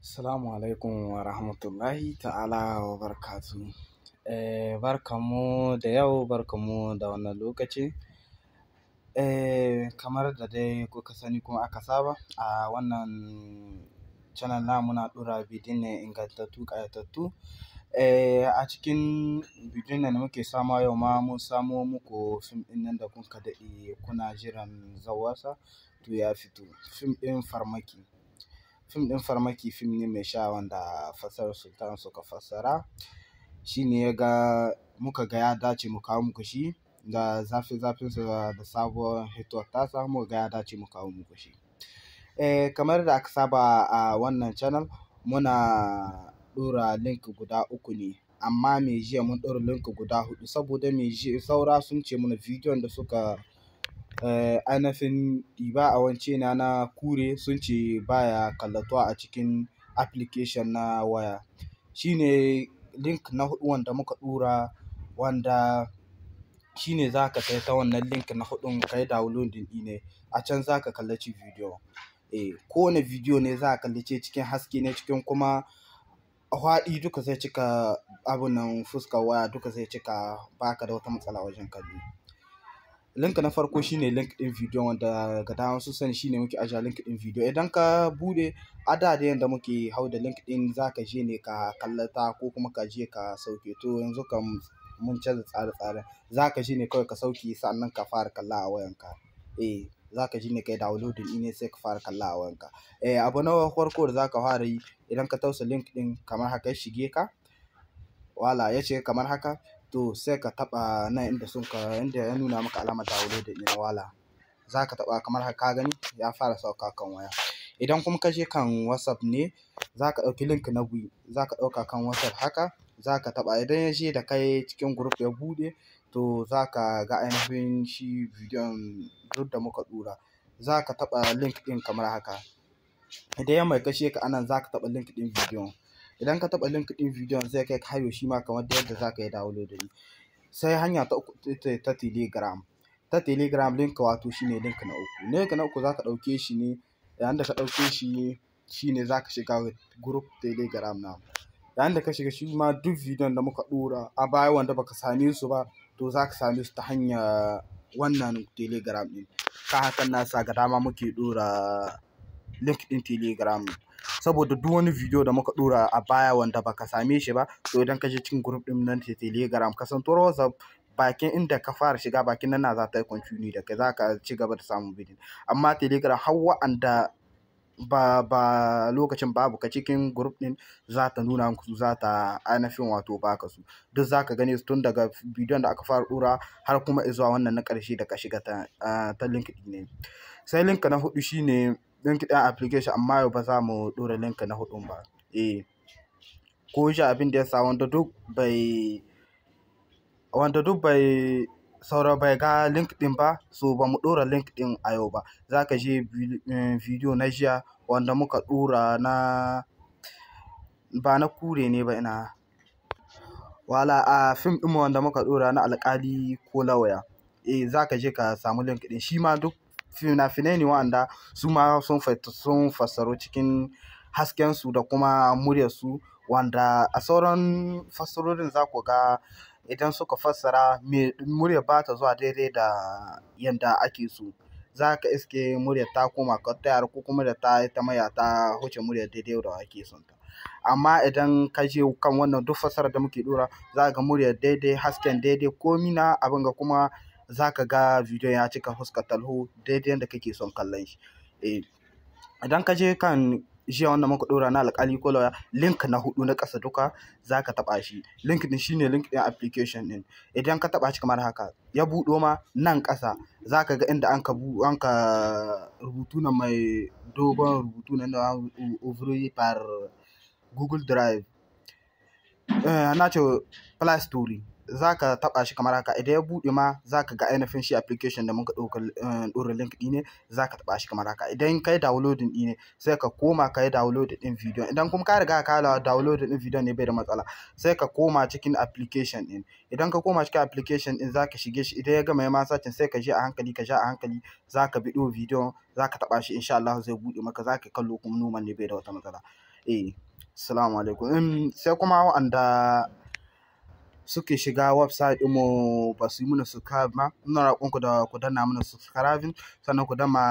Salamu alaikum wa rahmatullahi ta'ala wa barkatu. Eh, barkanmu da yau barkanmu da wannan lokaci. Eh, kamar da dai kuka sani kuma aka saba a wannan channel na muna ɗora bidin ne ingantattu ƙayatattu. Eh, a cikin bidin da muke sama yau ma mun samo muku fim din nan da kuka daɗi, kuna jiran zawasa to ya fito fim ɗin farmaki. fim ɗin farmaki fim ne mai sha wanda fasar sultan suka fasara shi ne ya ga muka ga ya dace mu kawo muku shi da zafi zafin sa da sabuwar hituwar ta samu ga ya dace mu kawo muku shi eh kamar da aka saba a wannan channel muna ɗora link guda uku ne amma mai jiya mun dora link guda hudu saboda mai jiya saura sun ce mana bidiyon da suka Eh, ainihin ba a wance na na kure sun ce baya kallatuwa a cikin application na waya shine link na hudu wanda muka ɗura wanda shine za ka kai ta wannan link na hudun kai downloading ɗi ne a can za ka kallaci video eh kowane video ne za a kallace cikin haske ne cikin kuma haɗi duka zai cika abunan fuskar waya duka zai cika baka da wata matsala wajen kallo link na farko shine link din video wanda ga da wasu sani shine muke ajiya link din video idan ka bude adadin da muke hau da link din zaka je ne ka kallata ko kuma ka je ka sauke to yanzu kam mun canza tsare-tsare zaka je ne kawai ka sauke sannan ka fara kalla a wayanka eh zaka ji ne kai downloading din ne sai ka fara kalla a wayanka eh abu na farko da zaka fara yi idan ka tausa link din kamar haka shige ka wala yace kamar haka to sai ka taba nan inda sun ka inda ya nuna maka alamar da download da ina wala za ka taɓa kamar haka ka gani ya fara sauka kan waya idan kuma ka je kan whatsapp ne za ka ɗauki link na gui za ka ɗauka kan whatsapp haka za ka taɓa idan ya je da kai cikin group ya bude to za ka ga ainihin shi bidiyon duk da muka dura za ka taɓa link ɗin kamar haka idan ya mai kashe ka anan za ka taɓa link ɗin bidiyon idan ka taɓa link ɗin bidiyon zai kai ka shi ma kamar da yadda za ka yi downloading sai hanya ta uku ta telegram ta telegram link wato shine link na uku link na uku zaka ka ɗauke shi ne yayin da ka dauke shi shine za shiga group telegram na yayin da ka shiga shi ma duk video da muka dora a baya wanda baka same su ba to zaka ka same su ta hanyar wannan telegram ɗin ka hakan nasa ga dama muke ɗora link din telegram saboda duk wani video da muka dora a baya wanda baka same shi ba to idan ka je cikin group din nan ta telegram ka san toro bakin inda ka fara shiga bakin nan na za ta continue da kai za ka ci gaba da samun bidiyo amma telegram har wa'anda ba ba lokacin babu ka cikin group din za ta nuna muku za ta ainihin wato baka su duk za ka gane su tun daga bidiyon da aka fara dora har kuma izuwa wannan na karshe da ka shiga ta ah, ta link ne sai link na hudu shine link ɗin application amma yau ba za mu ɗora link na hudun ba eh ko shi abin da ya sa wanda duk bai wanda duk bai sauran bai ga link ɗin ba so ba mu ɗora link ɗin a yau ba za ka je eh, video na jiya wanda muka ɗora na ba na kure ne ba ina wala a fim ɗin wanda muka ɗora na alƙali ko lawaya eh za ka je ka samu link ɗin shi ma duk fina-finai ne wa'anda su ma sun fassaro cikin haskensu da kuma muryarsu wanda a sauran fassarorin za ku ga idan suka fassara muryar ba ta zuwa daidai da yadda ake so za ka iske murya ta koma tayar ko kuma da ta ta maya ta huce muryar daidai da ake son ta amma idan ka je kan wannan duk fassarar da muke dora za ga murya daidai hasken daidai komina abin ga kuma za ka ga bidiyon ya cika fuskar talho daidai yadda kake son kallon shi eh, idan ka je kan jiya wannan muka dora na alƙali ko lauya link na hudu na ƙasa duka za ka taɓa shi link din shine link din application din idan ka taɓa shi kamar haka ya buɗo ma nan ƙasa za ka ga inda an ka rubutu na mai dogon rubutu na da ovary par google drive eh, na ce play story za ka taɓa shi kamar haka idan ya buɗe ma za ka ga ainihin shi application da muka eh, ɗora link ɗi ne za ka taɓa shi kamar haka idan ka yi downloading ɗi ne sai ka koma ka yi downloading ɗin video idan kuma ka riga ka yi downloading ɗin video ne bai da matsala sai ka koma cikin application ɗin idan ka koma cikin application ɗin za ka shige shi idan ya gama ya ma sai ka je a hankali ka sha a hankali za ka biɗo video za ka taɓa shi insha Allah zai buɗe maka za ka kallo kuma noman ne bai da wata matsala eh salamu alaikum sai kuma wa'anda suke shiga website mu ba su yi mana subscribe ma ina rakon ku da ku danna muna subscribing sannan ku dama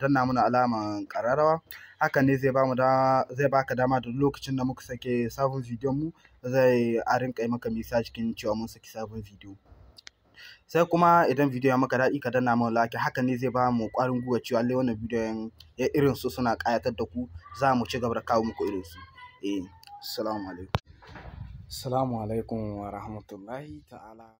danna muna alaman ƙararrawa hakan ne zai mu da zai baka dama da lokacin da muka sake sabon bidiyon mu zai a rinka yi maka misa cikin cewa mun saki sabon bidiyo sai kuma idan bidiyo ya maka daɗi ka danna mana like haka ne zai ba mu ƙwarin gwiwa cewa lallai wannan ya irin su suna ƙayatar da ku za mu ci gaba da kawo muku irin su eh assalamu alaikum السلام عليكم ورحمة الله تعالى